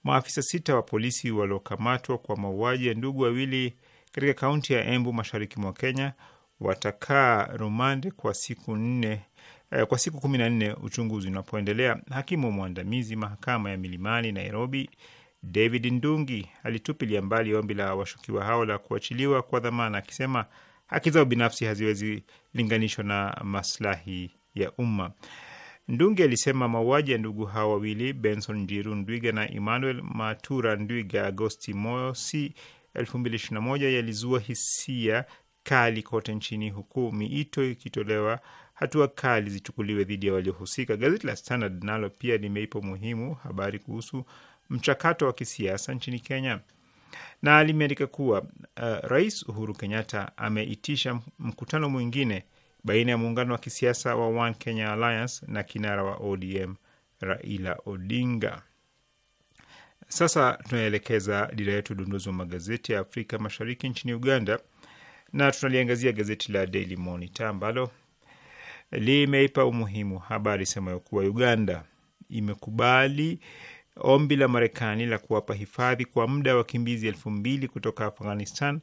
maafisa sita wa polisi waliokamatwa kwa mauaji ya ndugu wawili katika kaunti ya Embu mashariki mwa Kenya watakaa rumande kwa siku nne, eh, kwa siku kumi na nne uchunguzi unapoendelea. Hakimu mwandamizi mahakama ya Milimani Nairobi David Ndungi alitupilia mbali ombi la washukiwa hao la kuachiliwa kwa dhamana, akisema haki zao binafsi haziwezi linganishwa na maslahi ya umma. Ndunge alisema mauaji ya ndugu hawa wawili Benson Njiru Ndwiga na Emmanuel Matura Ndwiga Agosti mosi 2021 yalizua hisia kali kote nchini huku miito ikitolewa hatua kali zichukuliwe dhidi ya waliohusika. Gazeti la Standard nalo pia limeipa umuhimu habari kuhusu mchakato wa kisiasa nchini Kenya na limeandika kuwa uh, Rais Uhuru Kenyatta ameitisha mkutano mwingine baina ya muungano wa kisiasa wa One Kenya Alliance na kinara wa ODM Raila Odinga. Sasa tunaelekeza dira yetu udunduzi wa magazeti ya Afrika Mashariki nchini Uganda, na tunaliangazia gazeti la Daily Monitor ambalo limeipa umuhimu habari semayo kuwa Uganda imekubali ombi la Marekani la kuwapa hifadhi kwa muda wakimbizi elfu mbili kutoka Afghanistan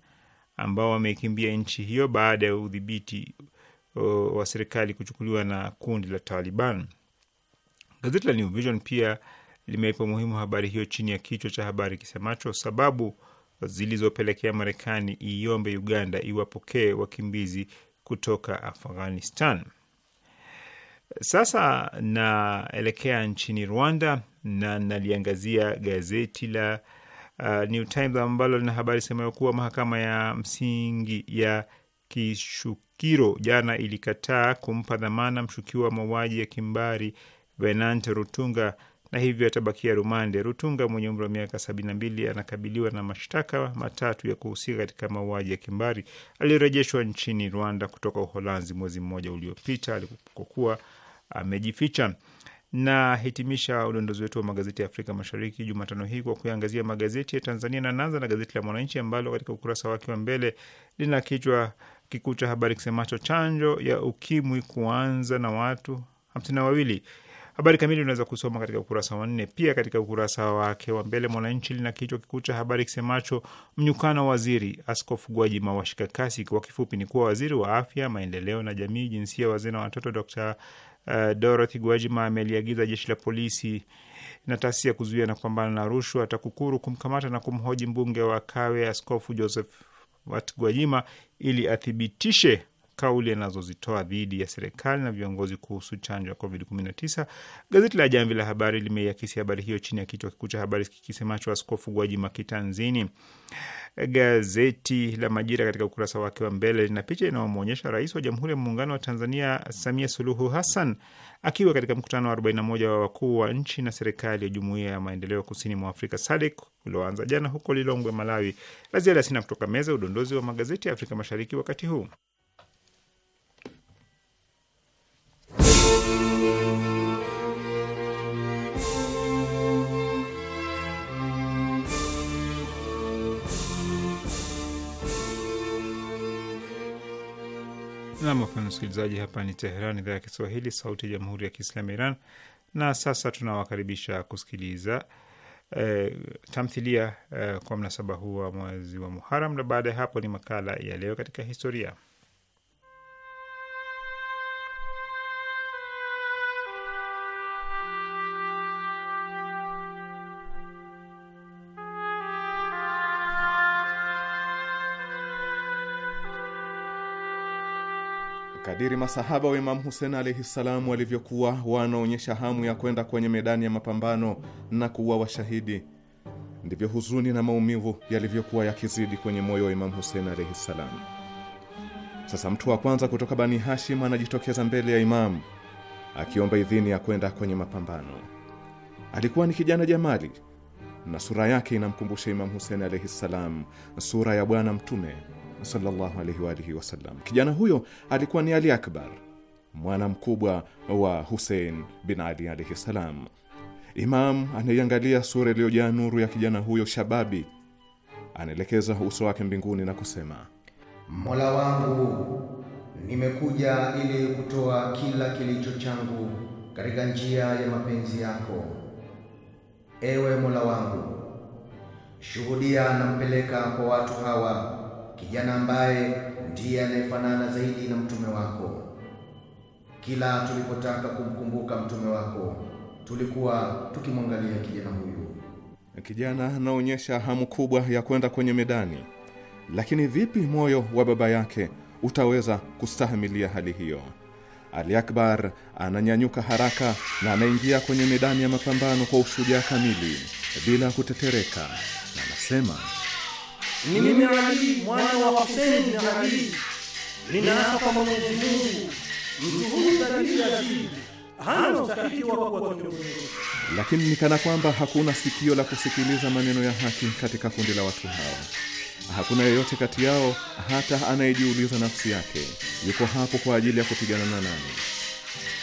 ambao wamekimbia nchi hiyo baada ya udhibiti wa serikali kuchukuliwa na kundi la Taliban. Gazeti la New Vision pia limeipa umuhimu habari hiyo chini ya kichwa cha habari kisemacho sababu zilizopelekea Marekani iombe Uganda iwapokee wakimbizi kutoka Afghanistan. Sasa naelekea nchini Rwanda na naliangazia gazeti la uh, New Times ambalo lina habari semayo kuwa mahakama ya msingi ya Kishu Kiro jana ilikataa kumpa dhamana mshukiwa wa mauaji ya kimbari Venante Rutunga na hivyo atabakia rumande. Rutunga mwenye umri wa miaka sabini na mbili anakabiliwa na mashtaka matatu ya kuhusika katika mauaji ya kimbari. Alirejeshwa nchini Rwanda kutoka Uholanzi mwezi mmoja uliopita alipokuwa amejificha. Na hitimisha udondozi wetu wa magazeti ya Afrika Mashariki Jumatano hii kwa kuangazia magazeti ya Tanzania na naanza na gazeti la Mwananchi ambalo katika ukurasa wake wa mbele lina kichwa kikuu cha habari kisemacho chanjo ya ukimwi kuanza na watu hamsini na wawili. Habari kamili unaweza kusoma katika ukurasa wa nne. Pia katika ukurasa wake wa mbele Mwananchi lina kichwa kikuu cha habari kisemacho mnyukano waziri, Askofu Gwajima washika kasi. Kwa kifupi ni kuwa waziri wa afya, maendeleo na jamii, jinsia, wazee na watoto Dr eh, Dorothy Gwajima ameliagiza jeshi la polisi na taasisi ya kuzuia na kupambana na rushwa TAKUKURU kumkamata na kumhoji mbunge wa Kawe Askofu Joseph Watgwajima ili athibitishe kauli anazozitoa dhidi ya serikali na viongozi kuhusu chanjo ya COVID-19. Gazeti la Jamvi la Habari limeiakisi habari hiyo chini ya kichwa kikuu cha habari kikisemacho Askofu Gwajima kitanzini gazeti la Majira katika ukurasa wake wa mbele lina picha inayomwonyesha rais wa Jamhuri ya Muungano wa Tanzania Samia Suluhu Hassan akiwa katika mkutano wa 41 wa wakuu wa nchi na serikali ya Jumuiya ya Maendeleo Kusini mwa Afrika SADC ulioanza jana huko Lilongwe, Malawi. La ziada sina kutoka meza udondozi wa magazeti ya Afrika Mashariki wakati huu. Nam, wapenzi msikilizaji, hapa ni Teheran, idhaa ya Kiswahili, sauti ya jamhuri ya kiislamu ya Iran. Na sasa tunawakaribisha kusikiliza e, tamthilia e, kwa mnasaba huu wa mwezi wa Muharam, na baada ya hapo ni makala ya leo katika historia. Kadiri masahaba wa Imamu Husen alaihi ssalam walivyokuwa wanaonyesha hamu ya kwenda kwenye medani ya mapambano na kuwa washahidi, ndivyo huzuni na maumivu yalivyokuwa yakizidi kwenye moyo wa Imamu Husen alaihi ssalam. Sasa mtu wa kwanza kutoka Bani Hashim anajitokeza mbele ya Imamu akiomba idhini ya kwenda kwenye mapambano. Alikuwa ni kijana Jamali na sura yake inamkumbusha Imamu Husen alaihi ssalam sura ya Bwana Mtume sallallahu alaihi wa alihi wasallam. Kijana huyo alikuwa ni Ali Akbar, mwana mkubwa wa Husein bin Ali alaihi salam. Imam anaiangalia sura iliyojaa nuru ya kijana huyo shababi, anaelekeza uso wake mbinguni na kusema, Mola wangu, nimekuja ili kutoa kila kilicho changu katika njia ya mapenzi yako. Ewe Mola wangu, shuhudia nampeleka kwa watu hawa kijana ambaye ndiye anayefanana zaidi na mtume wako. Kila tulipotaka kumkumbuka mtume wako, tulikuwa tukimwangalia kijana huyu. Kijana anaonyesha hamu kubwa ya kwenda kwenye medani, lakini vipi moyo wa baba yake utaweza kustahimilia hali hiyo? Ali Akbar ananyanyuka haraka na anaingia kwenye medani ya mapambano kwa ushujaa kamili bila kutetereka, na anasema mimi Ali mwana wa Hussein bin Ali ninaapa kwa Mwenyezi Mungu, mtu huyu Yazid hana ustahiki wa kuwa lakini nikana kwamba hakuna sikio la kusikiliza maneno ya haki katika kundi la watu hawa. Hakuna yeyote kati yao hata anayejiuliza nafsi yake yuko hapo kwa ajili ya kupigana na nani,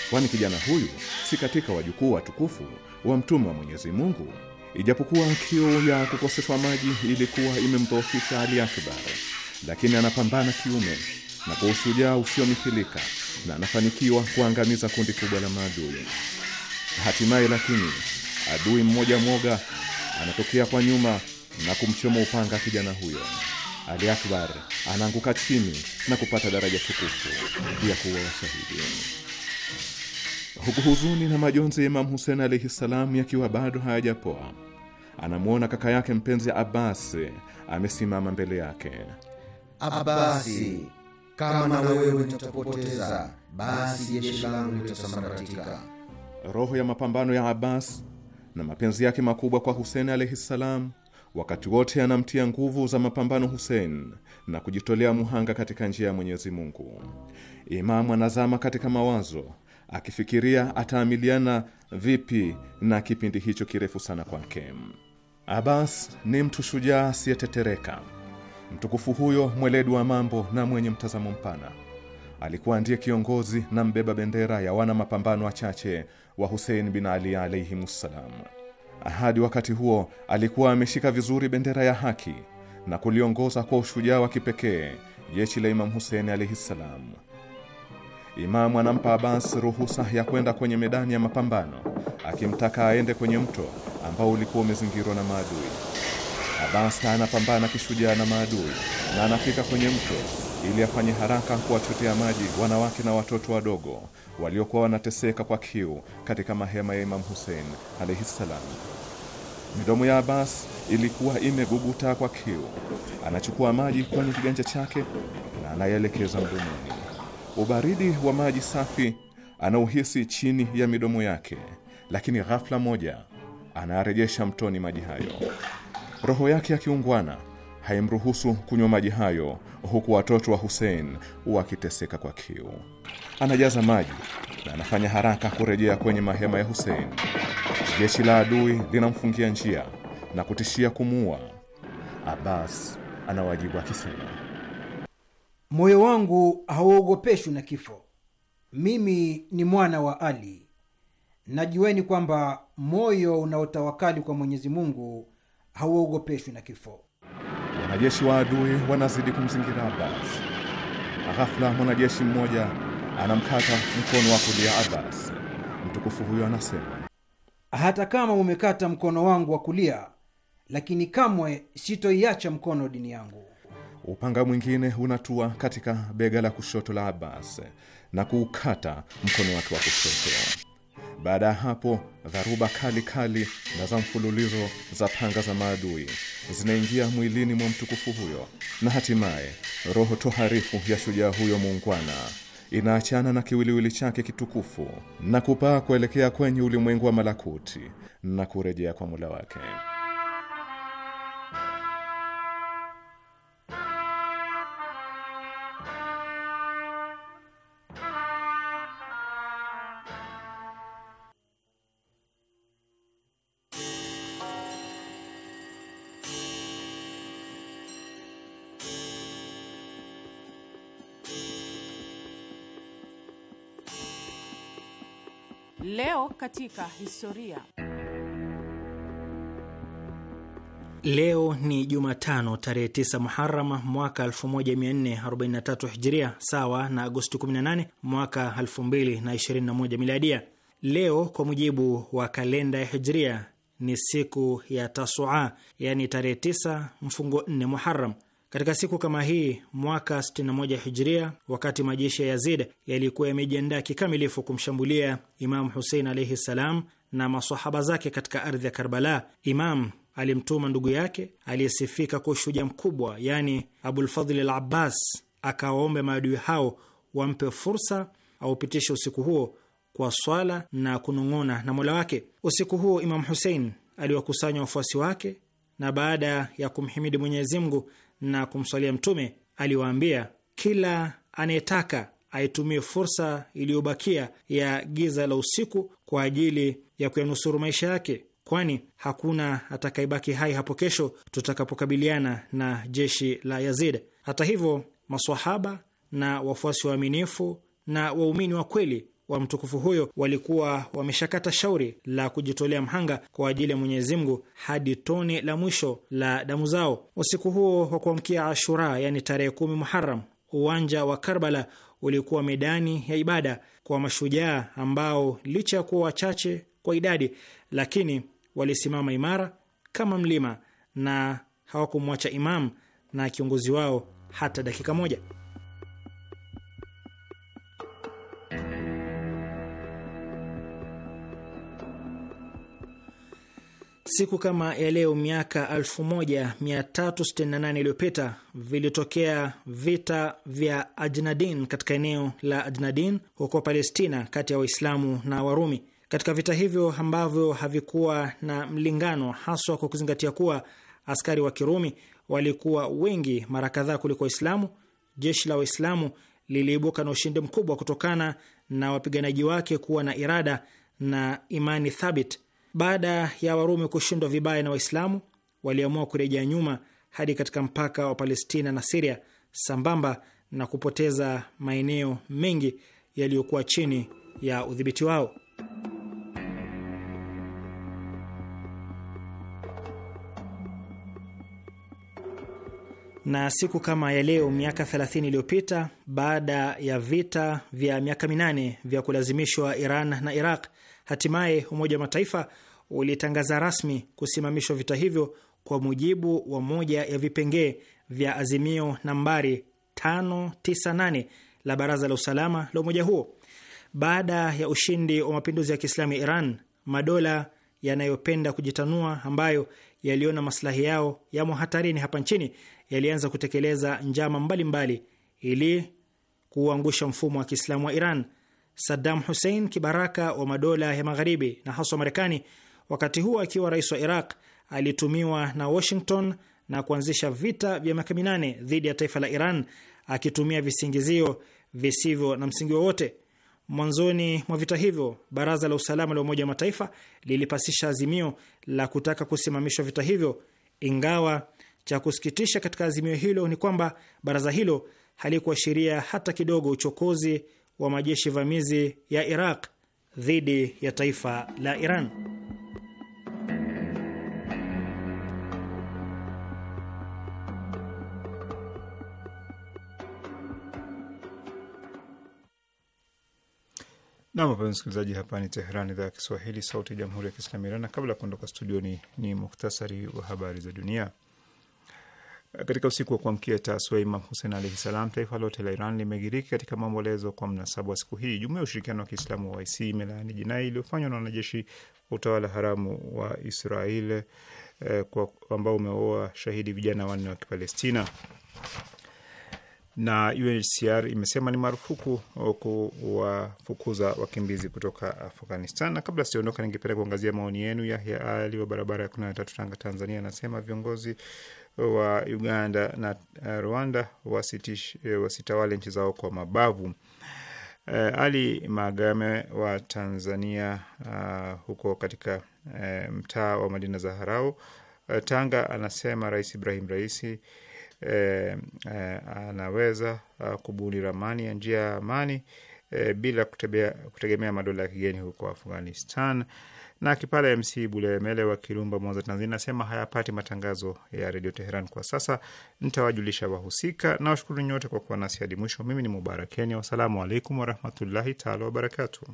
kwani kijana huyu si katika wajukuu watukufu wa mtume wa Mwenyezi Mungu? Ijapokuwa kiu ya kukoseshwa maji ilikuwa imemdhoofisha Ali Akbar, lakini anapambana kiume na kwa ushujaa usiomithilika na anafanikiwa kuangamiza kundi kubwa la maadui. Hatimaye lakini adui mmoja mwoga anatokea kwa nyuma na kumchoma upanga kijana huyo. Ali Akbar anaanguka chini na kupata daraja tukufu ya kuwa washahidi huku huzuni na majonzi ya Imamu Husen alaihi ssalam yakiwa bado hayajapoa, anamwona kaka yake mpenzi ya Abbas amesimama mbele yake. Abasi, kama na wewe nitapoteza, basi jeshi langu litasambaratika. Roho ya mapambano ya Abbas na mapenzi yake makubwa kwa Hussein alayhi salam, wakati wote anamtia nguvu za mapambano Hussein na kujitolea muhanga katika njia ya Mwenyezi Mungu. Imamu anazama katika mawazo akifikiria ataamiliana vipi na kipindi hicho kirefu sana kwake. Abbas ni mtu shujaa asiyetetereka. Mtukufu huyo mweledi wa mambo na mwenye mtazamo mpana alikuwa ndiye kiongozi na mbeba bendera ya wana mapambano wachache wa Husein bin Ali alaihimussalam. Hadi wakati huo alikuwa ameshika vizuri bendera ya haki na kuliongoza kwa ushujaa wa kipekee jeshi la imamu Husein alaihi ssalam Imamu anampa Abbas ruhusa ya kwenda kwenye medani ya mapambano, akimtaka aende kwenye mto ambao ulikuwa umezingirwa na maadui. Abbas anapambana kishujaa na maadui na anafika kwenye mto ili afanye haraka kuwachotea maji wanawake na watoto wadogo waliokuwa wanateseka kwa kiu katika mahema ya Imam Hussein alaihi salam. Midomo ya Abbas ilikuwa imeguguta kwa kiu. Anachukua maji kwenye kiganja chake na anayelekeza mdomoni ubaridi wa maji safi anauhisi chini ya midomo yake, lakini ghafla moja anarejesha mtoni maji hayo. Roho yake ya kiungwana haimruhusu kunywa maji hayo, huku watoto wa Hussein wakiteseka kwa kiu. Anajaza maji na anafanya haraka kurejea kwenye mahema ya Hussein. Jeshi la adui linamfungia njia na kutishia kumuua. Abbas anawajibu akisema moyo wangu hauogopeshwi na kifo. Mimi ni mwana wa Ali. Najueni kwamba moyo unaotawakali kwa Mwenyezi Mungu hauogopeshwi na kifo. Wanajeshi wa adui wanazidi kumzingira Abbas. Ghafla mwanajeshi mmoja anamkata mkono wa kulia Abbas. Mtukufu huyo anasema, hata kama umekata mkono wangu wa kulia, lakini kamwe sitoiacha mkono dini yangu upanga mwingine unatua katika bega la kushoto la Abbas na kuukata mkono wake wa kushoto. Baada ya hapo, dharuba kali kali na za mfululizo za panga za maadui zinaingia mwilini mwa mtukufu huyo, na hatimaye roho toharifu ya shujaa huyo muungwana inaachana na kiwiliwili chake kitukufu na kupaa kuelekea kwenye ulimwengu wa malakuti na kurejea kwa mula wake. katika historia. Leo ni Jumatano tarehe 9 Muharama mwaka 1443 Hijria, sawa na Agosti 18 mwaka 2021 Miladia. Leo kwa mujibu wa kalenda ya Hijria ni siku ya Tasua, yani tarehe 9 mfungo 4 Muharam. Katika siku kama hii mwaka 61 Hijria, wakati majeshi ya Yazid yalikuwa yamejiandaa kikamilifu kumshambulia Imamu Husein alaihi ssalam na masahaba zake katika ardhi ya Karbala, Imam alimtuma ndugu yake aliyesifika kwa ushuja mkubwa, yaani Abulfadhli al Abbas, akawaombe maadui hao wampe fursa aupitishe usiku huo kwa swala na kunong'ona na mola wake. Usiku huo Imam Husein aliwakusanya wafuasi wake na baada ya kumhimidi Mwenyezi Mungu na kumswalia Mtume aliwaambia, kila anayetaka aitumie fursa iliyobakia ya giza la usiku kwa ajili ya kuyanusuru maisha yake, kwani hakuna atakayebaki hai hapo kesho tutakapokabiliana na jeshi la Yazid. Hata hivyo, maswahaba na wafuasi waaminifu na waumini wa kweli wa mtukufu huyo walikuwa wameshakata shauri la kujitolea mhanga kwa ajili ya Mwenyezi Mungu hadi tone la mwisho la damu zao. Usiku huo wa kuamkia Ashura, yani tarehe kumi Muharam, uwanja wa Karbala ulikuwa medani ya ibada kwa mashujaa ambao licha ya kuwa wachache kwa idadi, lakini walisimama imara kama mlima na hawakumwacha Imam na kiongozi wao hata dakika moja. Siku kama ya leo miaka 1368 iliyopita vilitokea vita vya Ajnadin katika eneo la Ajnadin huko Palestina, kati ya Waislamu na Warumi. Katika vita hivyo ambavyo havikuwa na mlingano, haswa kwa kuzingatia kuwa askari wa Kirumi walikuwa wengi mara kadhaa kuliko Waislamu, jeshi la Waislamu liliibuka na ushindi mkubwa kutokana na wapiganaji wake kuwa na irada na imani thabit baada ya Warumi kushindwa vibaya na Waislamu, waliamua kurejea nyuma hadi katika mpaka wa Palestina na Siria, sambamba na kupoteza maeneo mengi yaliyokuwa chini ya udhibiti wao. na siku kama ya leo miaka 30 iliyopita, baada ya vita vya miaka minane vya kulazimishwa Iran na Iraq, hatimaye Umoja wa Mataifa ulitangaza rasmi kusimamishwa vita hivyo kwa mujibu wa moja ya vipengee vya azimio nambari 598 la Baraza la Usalama la umoja huo. Baada ya ushindi wa mapinduzi ya Kiislamu ya Iran, madola yanayopenda kujitanua ambayo yaliona maslahi yao yamo hatarini hapa nchini yalianza kutekeleza njama mbalimbali mbali ili kuuangusha mfumo wa Kiislamu wa Iran. Saddam Hussein, kibaraka wa madola ya Magharibi na haswa Marekani, wakati huo akiwa rais wa Iraq, alitumiwa na Washington na kuanzisha vita vya miaka minane dhidi ya taifa la Iran akitumia visingizio visivyo na msingi wowote. Mwanzoni mwa vita hivyo, baraza la usalama la Umoja wa Mataifa lilipasisha azimio la kutaka kusimamishwa vita hivyo, ingawa cha kusikitisha katika azimio hilo ni kwamba baraza hilo halikuashiria hata kidogo uchokozi wa majeshi vamizi ya Iraq dhidi ya taifa la Iran. Nam, wapenzi msikilizaji, hapa ni Teheran, idhaa ya Kiswahili, sauti ya jamhuri ya kiislamu Iran. Na kabla ya kuondoka studioni, ni, ni muhtasari wa habari za dunia. Katika usiku wa kuamkia taswa Imam Husein alaihi salam, taifa lote la Iran limegiriki katika maombolezo kwa mnasaba wa siku hii. Jumuiya ya Ushirikiano wa Kiislamu wa OIC imelaani jinai iliyofanywa na wanajeshi wa utawala haramu wa Israel eh, ambao umeoa shahidi vijana wanne wa Kipalestina na UNHCR imesema ni marufuku eh, kuwafukuza wakimbizi kutoka Afghanistan. Na kabla sijaondoka, ningependa kuangazia maoni yenu. Yahya Ali wa barabara ya kumi na tatu, Tanga, Tanzania, anasema viongozi wa Uganda na eh, Rwanda wasitish, eh, wasitawale nchi zao kwa mabavu. Eh, Ali Magame wa Tanzania uh, huko katika uh, mtaa wa Madina Zaharau uh, Tanga anasema Rais Ibrahim Raisi uh, uh, anaweza uh, kubuni ramani ya njia ya amani uh, bila kutegemea madola ya kigeni huko Afghanistan na Kipale MC Bulemele wa Kirumba, Mwanza, Tanzania, nasema hayapati matangazo ya Redio Teheran kwa sasa, nitawajulisha wahusika. Na washukuru nyote kwa kuwa nasi hadi mwisho. Mimi ni Mubarakeni, wassalamu alaikum warahmatullahi taala wabarakatuh.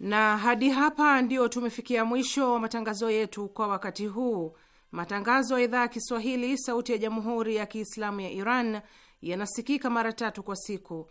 Na hadi hapa ndio tumefikia mwisho wa matangazo yetu kwa wakati huu. Matangazo ya idhaa ya Kiswahili, sauti ya jamhuri ya Kiislamu ya Iran yanasikika mara tatu kwa siku